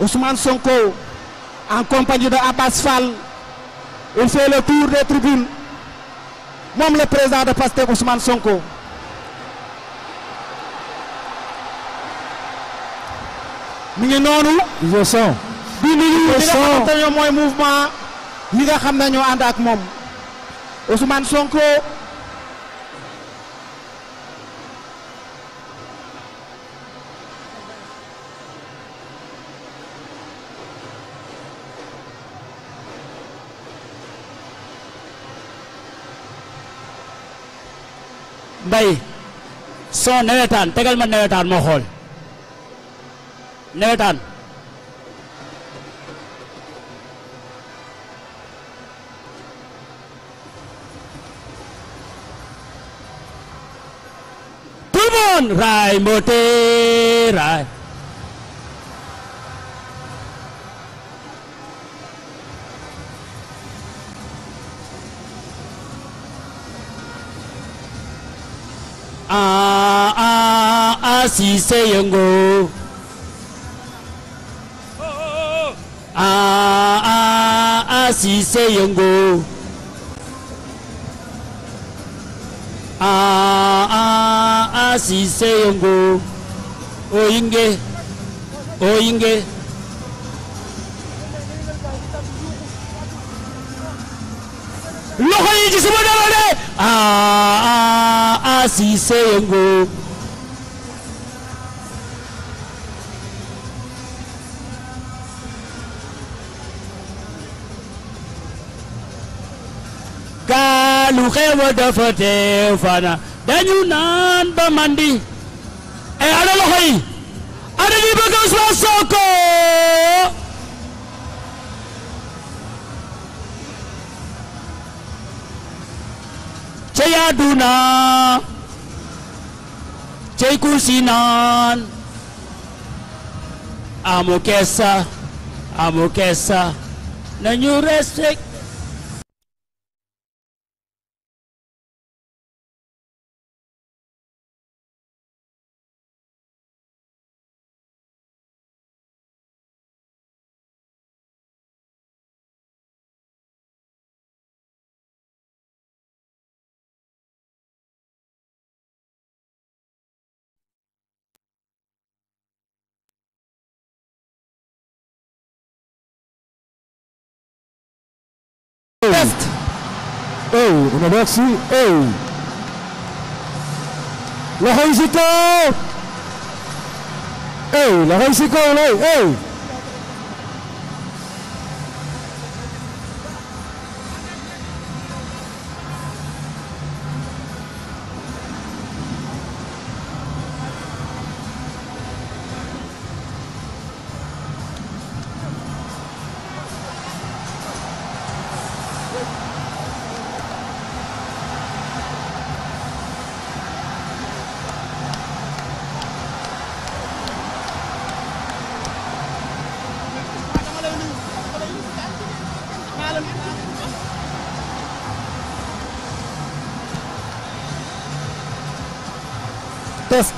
Ousmane Sonko en compagnie de Abbas Fall il fait le tour des tribunes moom le président de Pastef Ousmane Sonko mi ngi noonu. je sens. di li nga xamante ne mooy mouvement yi nga xam ne ñoo ànd ak moom Ousmane Sonko. mbay son nawetaan tegal ma nawetaan moo xool nawetaan tout le raay mboote raay Cissé yëngoo a a Cissé yëngoo a a Cissé yëngoo oyinge oyinge loxo yi ci suba dama de a a Cissé yëngoo lu xew a dafa teew dañu naan ba mandi e ana loxo yi ana li bëgg Ousmane Sonko cey aduna cey kursi naan amu kessa amu kessa nañu respect jest! Ej, Romaksi, ej! Lahajsiko! Ej, Lahajsiko, ej, ej! test.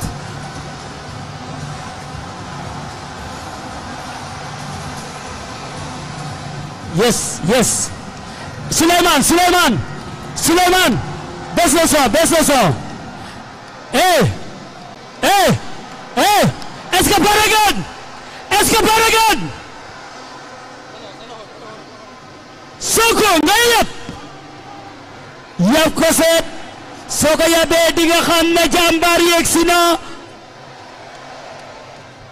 Yes, yes. Suleiman, Suleiman, Suleiman. Baisse le son, baisse le son. Hey, hey, hey. soo ko yabee di nga xam ne na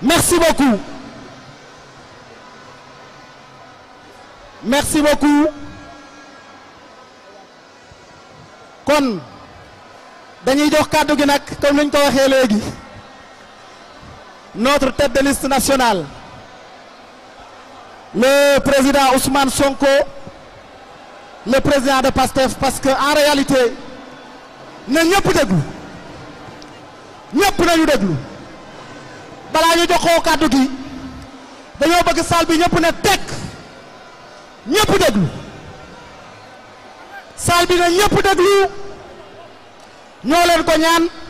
merci beaucoup merci beaucoup kon dañuy jox kàddu gi nag comme niñ ko waxee léegi notre tête de liste nationale le président Ousmane Sonko le président de PASTEF parce que en réalité na ñëpp déglu ñëpp nañu déglu balaa ñu jox ko kàddu gi dañoo bëgg salle bi ñëpp ne tekk ñëpp déglu salle bi na ñëpp déglu ñoo leen ko ñaan.